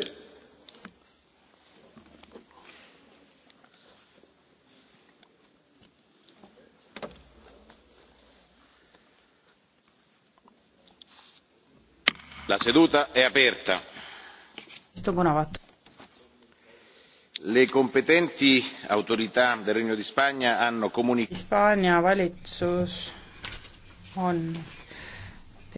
still. la seduta è aperta. le competenti autorità del regno di spagna hanno comunicato.